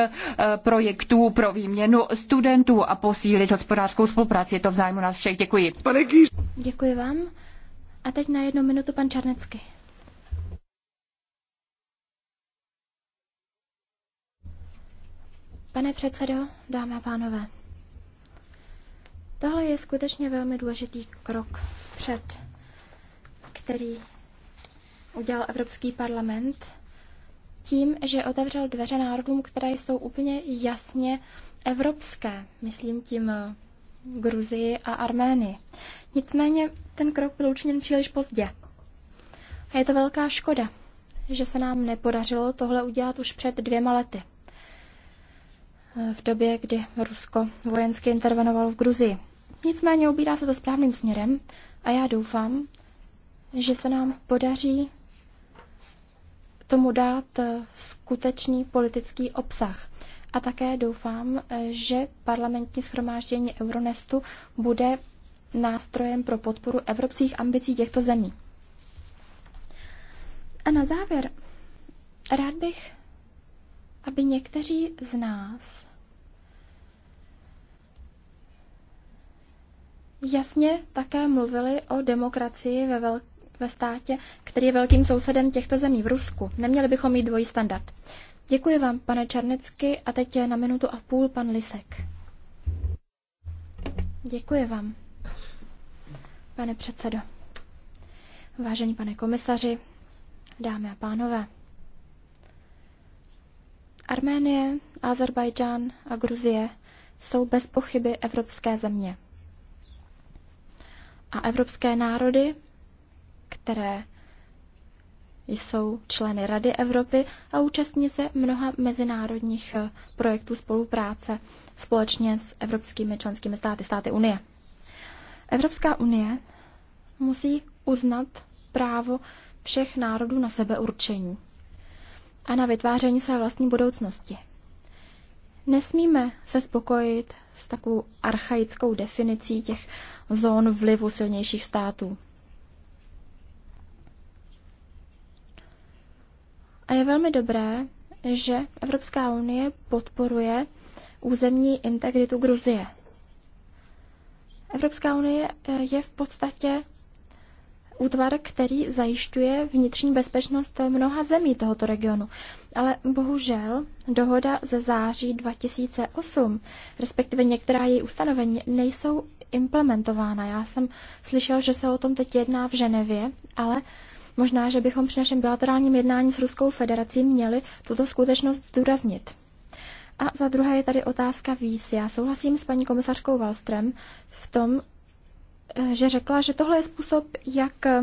projektů pro výměnu studentů a posílit hospodářskou spolupráci. Je to v zájmu nás všech. Děkuji. Děkuji vám. A teď na jednu minutu pan Čarnecký. Pane předsedo, dámy a pánové, tohle je skutečně velmi důležitý krok vpřed, který udělal Evropský parlament tím, že otevřel dveře národům, které jsou úplně jasně evropské. Myslím tím eh, Gruzii a Arménii. Nicméně ten krok byl učiněn příliš pozdě. A je to velká škoda, že se nám nepodařilo tohle udělat už před dvěma lety v době, kdy Rusko vojensky intervenovalo v Gruzii. Nicméně ubírá se to správným směrem a já doufám, že se nám podaří tomu dát eh, skutečný politický obsah. A také doufám, eh, že parlamentní schromáždění Euronestu bude nástrojem pro podporu evropských ambicí těchto zemí. A na závěr rád bych aby někteří z nás jasně také mluvili o demokracii ve, vel- ve státě, který je velkým sousedem těchto zemí v Rusku. Neměli bychom mít dvojí standard. Děkuji vám, pane Černecky, a teď je na minutu a půl pan Lisek. Děkuji vám, pane předsedo. Vážený pane komisaři, dámy a pánové. Arménie, Azerbajdžán a Gruzie jsou bez pochyby evropské země. A evropské národy, které jsou členy Rady Evropy a účastní se mnoha mezinárodních eh, projektů spolupráce společně s evropskými členskými státy, státy Unie. Evropská unie musí uznat právo všech národů na sebeurčení a na vytváření své vlastní budoucnosti. Nesmíme se spokojit s takovou archaickou definicí těch zón vlivu silnějších států. A je velmi dobré, že Evropská unie podporuje územní integritu Gruzie. Evropská unie eh, je v podstatě útvar, který zajišťuje vnitřní bezpečnost mnoha zemí tohoto regionu. Ale bohužel dohoda ze září 2008, respektive některá její ustanovení, nejsou implementována. Já jsem slyšel, že se o tom teď jedná v Ženevě, ale možná, že bychom při našem bilaterálním jednání s Ruskou federací měli tuto skutečnost zdůraznit. A za druhé je tady otázka víc. Já souhlasím s paní komisařkou Wallström v tom, Eh, že řekla, že tohle je způsob, jak eh,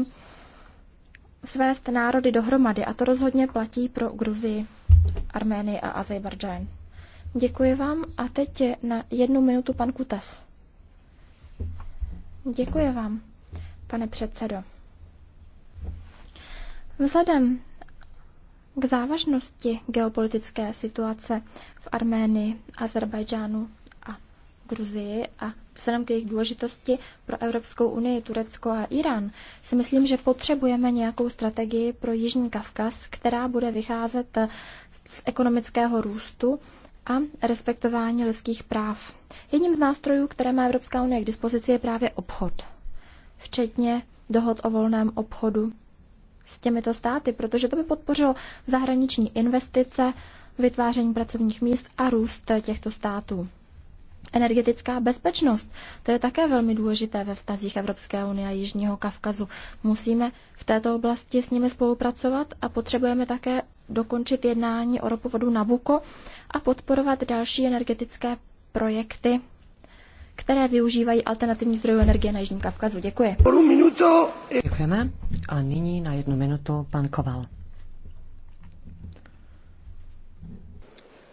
svést národy dohromady a to rozhodně platí pro Gruzii, Arménii a Azerbajdžán. Děkuji vám a teď je na jednu minutu pan Kutas. Děkuji vám, pane předsedo. Vzhledem k závažnosti geopolitické situace v Arménii, Azerbajdžánu a Gruzii a vzhledem k jejich důležitosti pro Evropskou unii, Turecko a Irán, si myslím, že potřebujeme nějakou strategii pro Jižní Kavkaz, která bude vycházet z ekonomického růstu a respektování lidských práv. Jedním z nástrojů, které má Evropská unie k dispozici, je právě obchod, včetně dohod o volném obchodu s těmito státy, protože to by podpořilo zahraniční investice, vytváření pracovních míst a růst těchto států. Energetická bezpečnost, to je také velmi důležité ve vztazích Evropské unie a Jižního Kavkazu. Musíme v této oblasti s nimi spolupracovat a potřebujeme také dokončit jednání o ropovodu Nabuko a podporovat další energetické projekty, které využívají alternativní zdrojů energie na Jižním Kavkazu. Děkuji. Eh, Děkujeme. A nyní na jednu minutu pan Koval.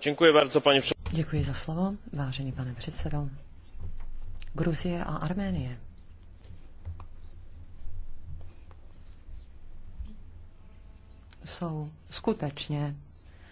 Děkuji bardzo, paní Děkuji za slovo, vážený pane předsedo. Gruzie a Arménie. Jsou skutečně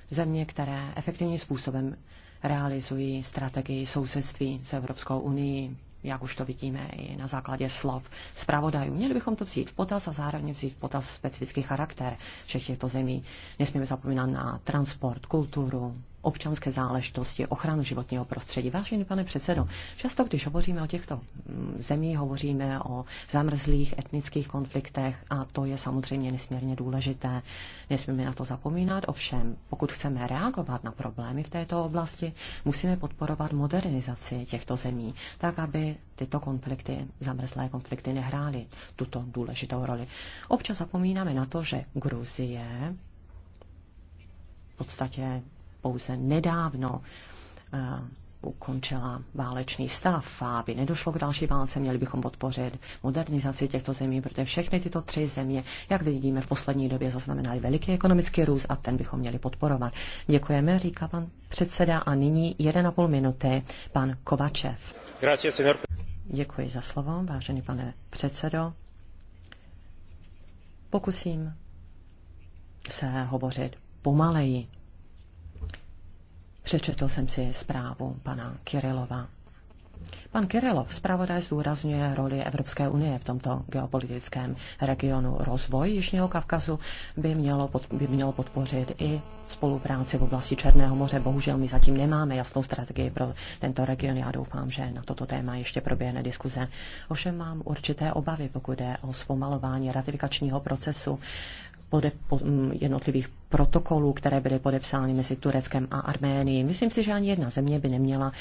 země, které efektivním způsobem realizují strategii sousedství s Evropskou unii, jak už to vidíme i na základě slov zpravodajů. Měli bychom to vzít v potaz a zároveň vzít v potaz specifický charakter všech těchto zemí. Nesmíme zapomínat na transport, kulturu, občanské záležitosti, ochranu životního prostředí. Vážený pane předsedo, často, když hovoříme o těchto mm, zemích, hovoříme o zamrzlých etnických konfliktech a to je samozřejmě nesmírně důležité. Nesmíme na to zapomínat, ovšem, pokud chceme reagovat na problémy v této oblasti, musíme podporovat modernizaci těchto zemí, tak aby tyto konflikty, zamrzlé konflikty nehrály tuto důležitou roli. Občas zapomínáme na to, že Gruzie v podstatě pouze nedávno eh, ukončila válečný stav a aby nedošlo k další válce, měli bychom podpořit modernizaci těchto zemí, protože všechny tyto tři země, jak vidíme, v poslední době zaznamenaly veliký ekonomický růst a ten bychom měli podporovat. Děkujeme, říká pan předseda a nyní 1,5 minuty pan Kovačev. Gracias, Děkuji za slovo, vážený pane předsedo. Pokusím se hovořit pomaleji, Přečetl jsem si zprávu pana Kirilova. Pan Kirilov, zpravodaj, zdůrazňuje roli Evropské unie v tomto geopolitickém regionu. Rozvoj Jižního Kavkazu by mělo, pod, by mělo podpořit i spolupráci v oblasti Černého moře. Bohužel my zatím nemáme jasnou strategii pro tento region. Já doufám, že na toto téma ještě proběhne diskuze. Ovšem mám určité obavy, pokud jde o zpomalování ratifikačního procesu pod, pod, jednotlivých protokolů, které byly podepsány mezi Tureckem a Arménií. Myslím si, že ani jedna země by neměla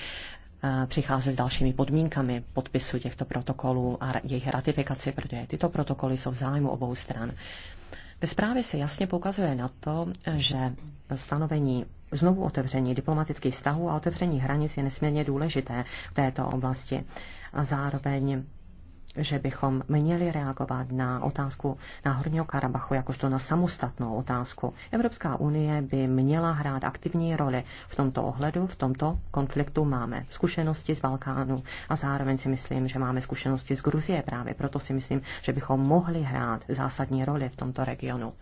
eh, přicházet s dalšími podmínkami podpisu těchto protokolů a jejich ratifikaci, protože tyto protokoly jsou v zájmu obou stran. Ve zprávě se jasně poukazuje na to, že stanovení znovu otevření diplomatických vztahů a otevření hranic je nesmírně důležité v této oblasti. A zároveň že bychom měli reagovat na otázku na Horního Karabachu jakožto na samostatnou otázku. Evropská unie by měla hrát aktivní roli v tomto ohledu, v tomto konfliktu máme zkušenosti z Balkánu a zároveň si myslím, že máme zkušenosti z Gruzie právě, proto si myslím, že bychom mohli hrát zásadní roli v tomto regionu.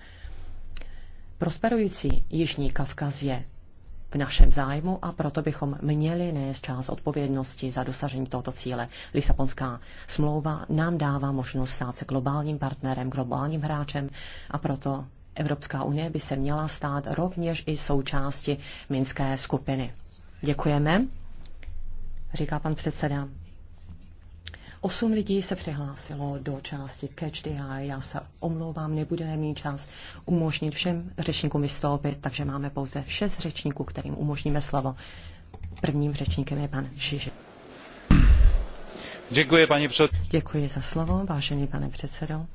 Prosperující Jižní Kavkaz je v našem zájmu a proto bychom měli nést část odpovědnosti za dosažení tohoto cíle. Lisabonská smlouva nám dává možnost stát se globálním partnerem, globálním hráčem a proto Evropská unie by se měla stát rovněž i součástí Minské skupiny. Děkujeme, říká pan předseda. Osm lidí se přihlásilo do části Catch the Eye. Já se omlouvám, nebudeme mít čas umožnit všem řečníkům vystoupit, takže máme pouze šest řečníků, kterým umožníme slovo. Prvním řečníkem je pan Žiži. Děkuji, paní před... Děkuji za slovo, vážený pane předsedo.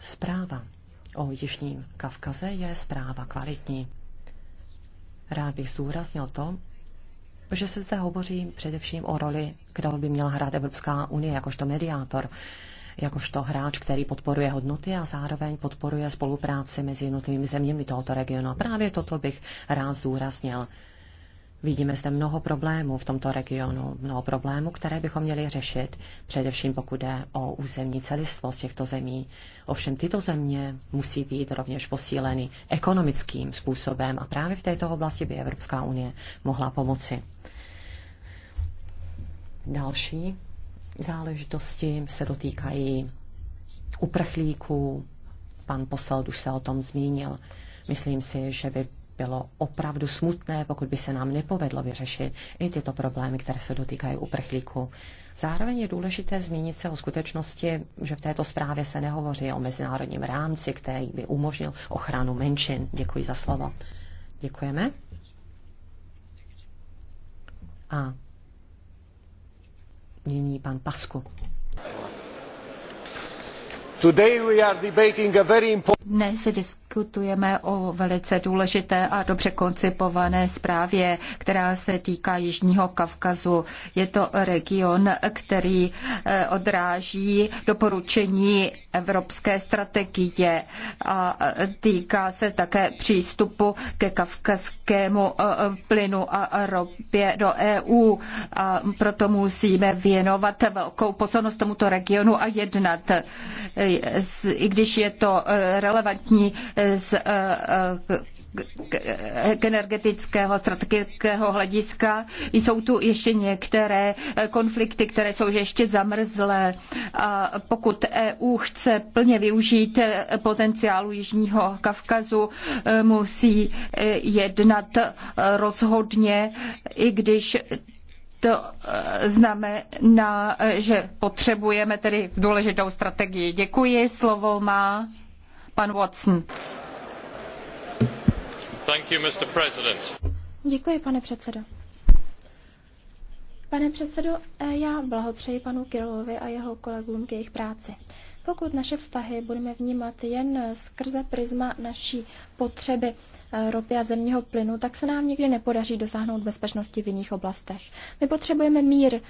Zpráva o Jižním Kavkaze je zpráva kvalitní. Rád bych zdůraznil to, že se zde hovoří především o roli, kterou by měla hrát Evropská unie jakožto mediátor jakožto hráč, který podporuje hodnoty a zároveň podporuje spolupráci mezi jednotlivými zeměmi tohoto regionu. Právě toto bych rád zdůraznil. Vidíme zde mnoho problémů v tomto regionu, mnoho problémů, které bychom měli řešit, především pokud jde o územní celistvost těchto zemí. Ovšem tyto země musí být rovněž posíleny ekonomickým způsobem a právě v této oblasti by Evropská unie mohla pomoci. Další záležitosti se dotýkají uprchlíků. Pan posel už se o tom zmínil. Myslím si, že by bylo opravdu smutné, pokud by se nám nepovedlo vyřešit i tyto problémy, které se dotýkají uprchlíků. Zároveň je důležité zmínit se o skutečnosti, že v této zprávě se nehovoří o mezinárodním rámci, který by umožnil ochranu menšin. Děkuji za slovo. Děkujeme. A nyní pan Pasku. Dnes diskutujeme o velice důležité a dobře koncipované zprávě, která se týká Jižního Kavkazu. Je to region, který eh, odráží doporučení evropské strategie a týká se také přístupu ke kavkazskému e, e, plynu a ropě do EU. A proto musíme věnovat velkou pozornost tomuto regionu a jednat. E, I když je to relevantní z energetického strategického hlediska. Jsou tu ještě některé konflikty, které jsou ještě zamrzlé. A pokud EU chce chce plně využít potenciálu Jižního Kavkazu, eh, musí eh, jednat eh, rozhodně, i když to znamená, že potřebujeme tedy důležitou strategii. Děkuji. Slovo má pan Watson. You, Děkuji, pane předsedo. Pane předsedo, já blahopřeji panu Kirilovi a jeho kolegům k jejich práci. Pokud naše vztahy budeme vnímat jen skrze prisma naší potřeby eh, ropy a zemního plynu, tak se nám nikdy nepodaří dosáhnout bezpečnosti v jiných oblastech. My potřebujeme mír,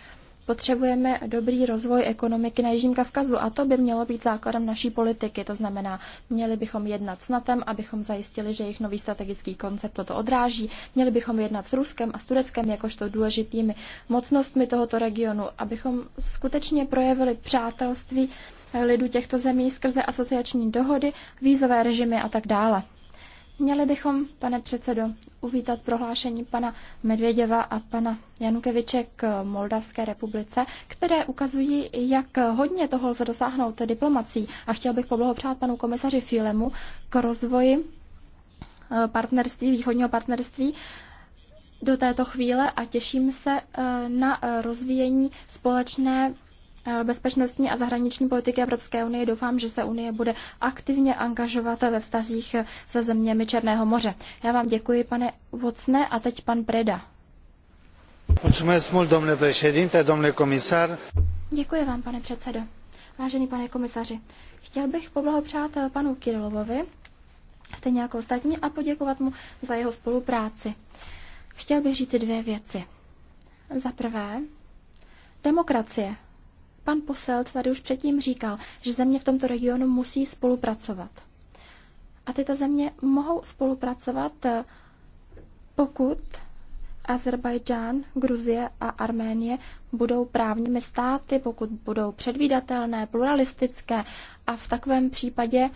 potřebujeme dobrý rozvoj ekonomiky na Jižním Kavkazu a to by mělo být základem naší politiky. To znamená, měli bychom jednat s NATEM, abychom zajistili, že jejich nový strategický koncept toto odráží. Měli bychom jednat s Ruskem a s Tureckem jakožto důležitými mocnostmi tohoto regionu, abychom skutečně projevili přátelství lidu těchto zemí skrze asociační dohody, vízové režimy a tak dále. Měli bychom, pane předsedo, uvítat prohlášení pana Medvěděva a pana Janukeviče k Moldavské republice, které ukazují, jak hodně toho lze dosáhnout diplomací. A chtěl bych poblahopřát panu komisaři Filemu k rozvoji eh, partnerství, východního partnerství do této chvíle a těším se eh, na eh, rozvíjení společné Eh, bezpečnostní a zahraniční politiky Evropské unie doufám, že se Unie bude aktivně angažovat ve vztazích se zeměmi Černého moře. Já vám děkuji, pane Vocne, a teď pan Preda. Děkuji vám, pane předsedo. Vážený pane komisaři, chtěl bych poblahopřát eh, panu Kirilovovi, stejně jako ostatní, a poděkovat mu za jeho spolupráci. Chtěl bych říci dvě věci. Za prvé, demokracie Pan posel tady už předtím říkal, že země v tomto regionu musí spolupracovat. A tyto země mohou spolupracovat, eh, pokud Azerbajdžán, Gruzie a Arménie budou právními státy, pokud budou předvídatelné, pluralistické a v takovém případě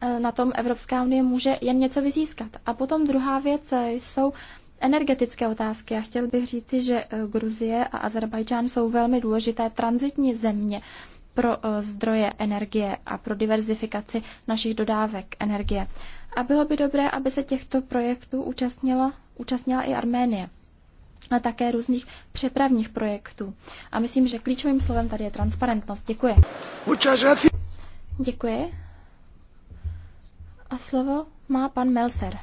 eh, na tom Evropská unie může jen něco vyzískat. A potom druhá věc eh, jsou energetické otázky. Já chtěl bych říct, že eh, Gruzie a Azerbajdžán jsou velmi důležité transitní země pro eh, zdroje energie a pro diverzifikaci našich dodávek energie. A bylo by dobré, aby se těchto projektů účastnila, účastnila i Arménie a také různých přepravních projektů. A myslím, že klíčovým slovem tady je transparentnost. Děkuji. Děkuji. A slovo má pan Melser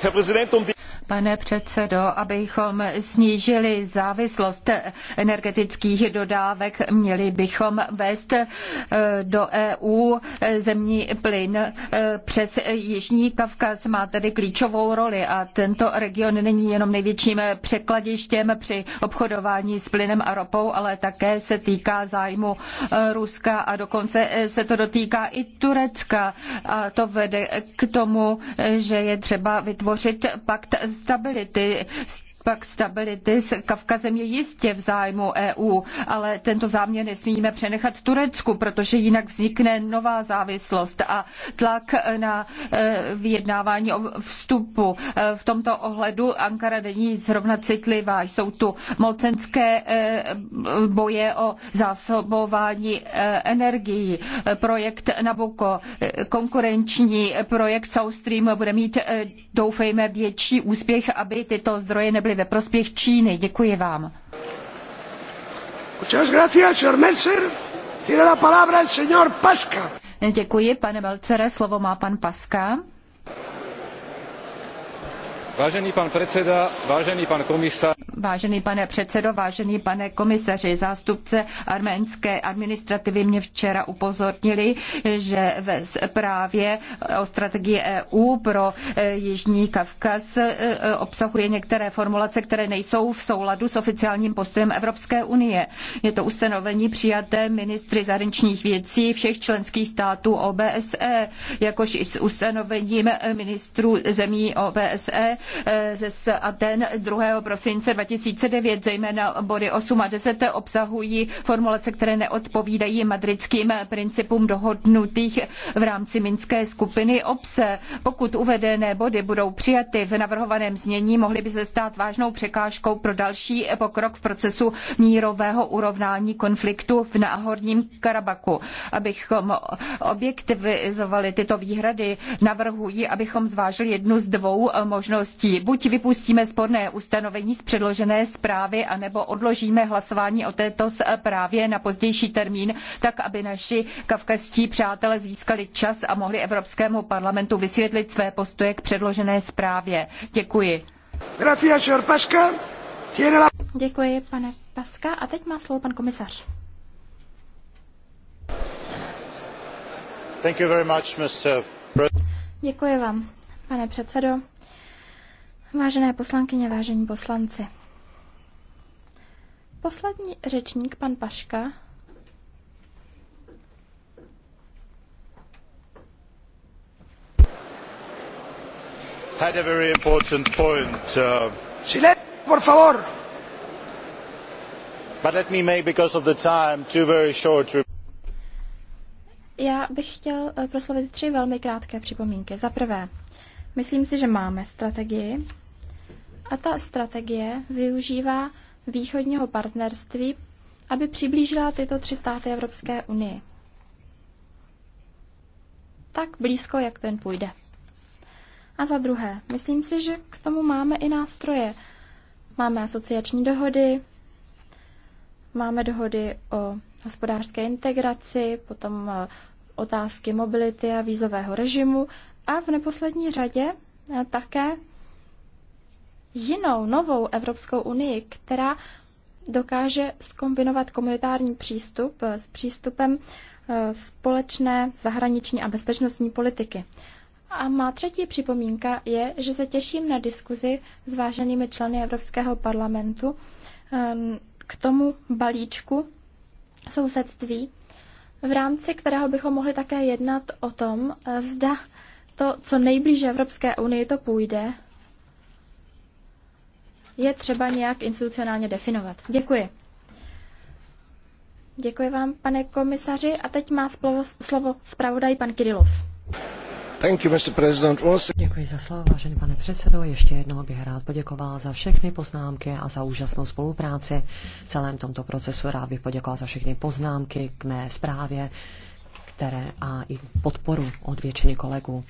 herr präsident! Um pane předsedo, abychom snížili závislost energetických dodávek, měli bychom vést eh, do EU eh, zemní plyn eh, přes Jižní Kavkaz. Má tedy klíčovou roli a tento region není jenom největším překladištěm při obchodování s plynem a ropou, ale také se týká zájmu Ruska a dokonce se to dotýká i Turecka. A to vede k tomu, že je třeba vytvořit pakt s stability pak stability s Kavkazem je jistě v zájmu EU, ale tento záměr nesmíme přenechat Turecku, protože jinak vznikne nová závislost a tlak na e, vyjednávání o vstupu. E, v tomto ohledu Ankara není zrovna citlivá. Jsou tu mocenské e, boje o zásobování energií, projekt Nabucco, konkurenční projekt South Stream bude mít, doufejme, větší úspěch, aby tyto zdroje nebyly byly ve prospěch Číny. Děkuji vám. Muchas gracias, señor Melzer. Tiene la palabra el señor Pasca. Děkuji, pane Melcere. Slovo má pan Paska. Vážený pan vážený pan komisař. Vážený pane předsedo, vážený pane komisaři, zástupce arménské administrativy mě včera upozornili, že ve zprávě o strategii EU pro e, Jižní Kavkaz e, e, obsahuje některé formulace, které nejsou v souladu s oficiálním postojem Evropské unie. Je to ustanovení přijaté ministry zahraničních věcí všech členských států OBSE, jakož i s ustanovením ministrů zemí OBSE Eh, z Aten 2. prosince 2009, zejména body 8 a 10 obsahují formulace, které neodpovídají madridským principům dohodnutých v rámci Minské skupiny obse. Pokud uvedené body budou přijaty v navrhovaném znění, mohly by se stát vážnou překážkou pro další pokrok v procesu mírového urovnání konfliktu v Náhorním Karabaku. Abychom objektivizovali tyto výhrady, navrhuji, abychom zvážili jednu z dvou možností možností. Buď vypustíme sporné ustanovení z předložené zprávy, anebo odložíme hlasování o této zprávě na pozdější termín, tak aby naši kavkazští přátelé získali čas a mohli Evropskému parlamentu vysvětlit své postoje k předložené zprávě. Děkuji. Děkuji, pane Paska. A teď má slovo pan komisař. Děkuji vám, pane předsedo. Vážené poslankyně, vážení poslanci. Poslední řečník, pan Paška, had a very important point. Uh, por favor. But let me make, because of the time, two very short Já bych chtěl eh, proslovit tři velmi krátké připomínky. Za prvé, myslím si, že máme strategii, a ta strategie využívá východního partnerství, aby přiblížila tyto tři státy Evropské unii. Tak blízko, jak ten půjde. A za druhé, myslím si, že k tomu máme i nástroje. Máme asociační dohody, máme dohody o hospodářské integraci, potom eh, otázky mobility a vízového režimu a v neposlední řadě eh, také jinou, novou Evropskou unii, která dokáže skombinovat komunitární přístup eh, s přístupem eh, společné zahraniční a bezpečnostní politiky. A má třetí připomínka je, že se těším na diskuzi s váženými členy Evropského parlamentu ehm, k tomu balíčku sousedství, v rámci kterého bychom mohli také jednat o tom, eh, zda to, co nejblíže Evropské unii to půjde, je třeba nějak institucionálně definovat. Děkuji. Děkuji vám, pane komisaři. A teď má slovo, slovo zpravodaj pan Kirilov. Thank you, Mr. President. Děkuji za slovo, vážený pane předsedo. Ještě jednou bych rád poděkoval za všechny poznámky a za úžasnou spolupráci. V celém tomto procesu rád bych poděkoval za všechny poznámky k mé zprávě, které a i podporu od většiny kolegů.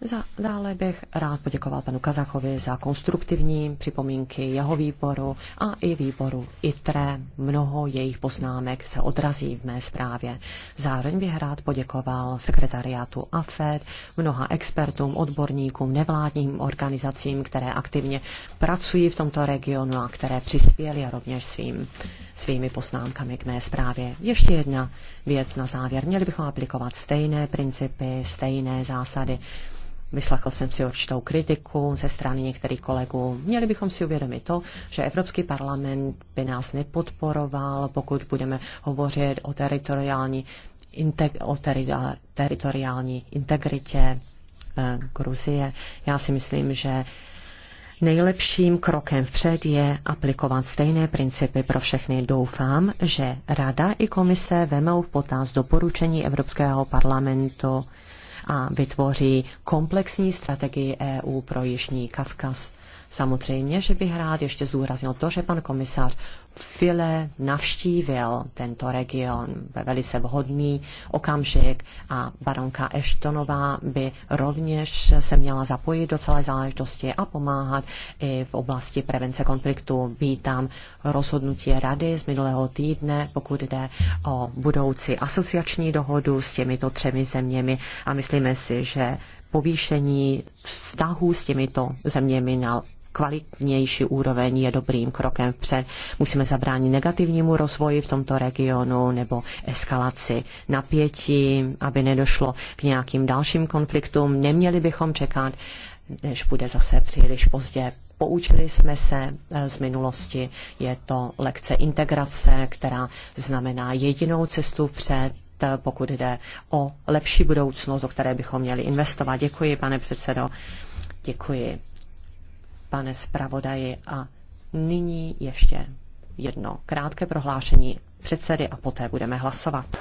Za, dále bych rád poděkoval panu Kazachovi za konstruktivní připomínky jeho výboru a i výboru ITRE. Mnoho jejich poznámek se odrazí v mé zprávě. Zároveň bych rád poděkoval sekretariátu AFED, mnoha expertům, odborníkům, nevládním organizacím, které aktivně pracují v tomto regionu a které přispěly a rovněž svým, svými poznámkami k mé zprávě. Ještě jedna věc na závěr. Měli bychom aplikovat stejné principy, stejné zásady Vyslechl jsem si určitou kritiku ze strany některých kolegů. Měli bychom si uvědomit to, že Evropský parlament by nás nepodporoval, pokud budeme hovořit o teritoriální, integ- o teri- teritoriální integritě e, Gruzie. Já si myslím, že Nejlepším krokem vpřed je aplikovat stejné principy pro všechny. Doufám, že Rada i Komise vemou v potaz doporučení Evropského parlamentu a vytvoří komplexní strategii EU pro Jižní Kavkaz. Samozřejmě, že bych rád ještě zúraznil to, že pan komisař File navštívil tento region ve velice vhodný okamžik a baronka Eštonová by rovněž se měla zapojit do celé záležitosti a pomáhat i v oblasti prevence konfliktu. Vítám rozhodnutí rady z minulého týdne, pokud jde o budoucí asociační dohodu s těmito třemi zeměmi a myslíme si, že povýšení vztahů s těmito zeměmi na kvalitnější úroveň je dobrým krokem před. Musíme zabránit negativnímu rozvoji v tomto regionu nebo eskalaci napětí, aby nedošlo k nějakým dalším konfliktům. Neměli bychom čekat než bude zase příliš pozdě. Poučili jsme se eh, z minulosti, je to lekce integrace, která znamená jedinou cestu před eh, pokud jde o lepší budoucnost, do které bychom měli investovat. Děkuji, pane předsedo. Děkuji pane zpravodaji. A nyní ještě jedno krátké prohlášení předsedy a poté budeme hlasovat.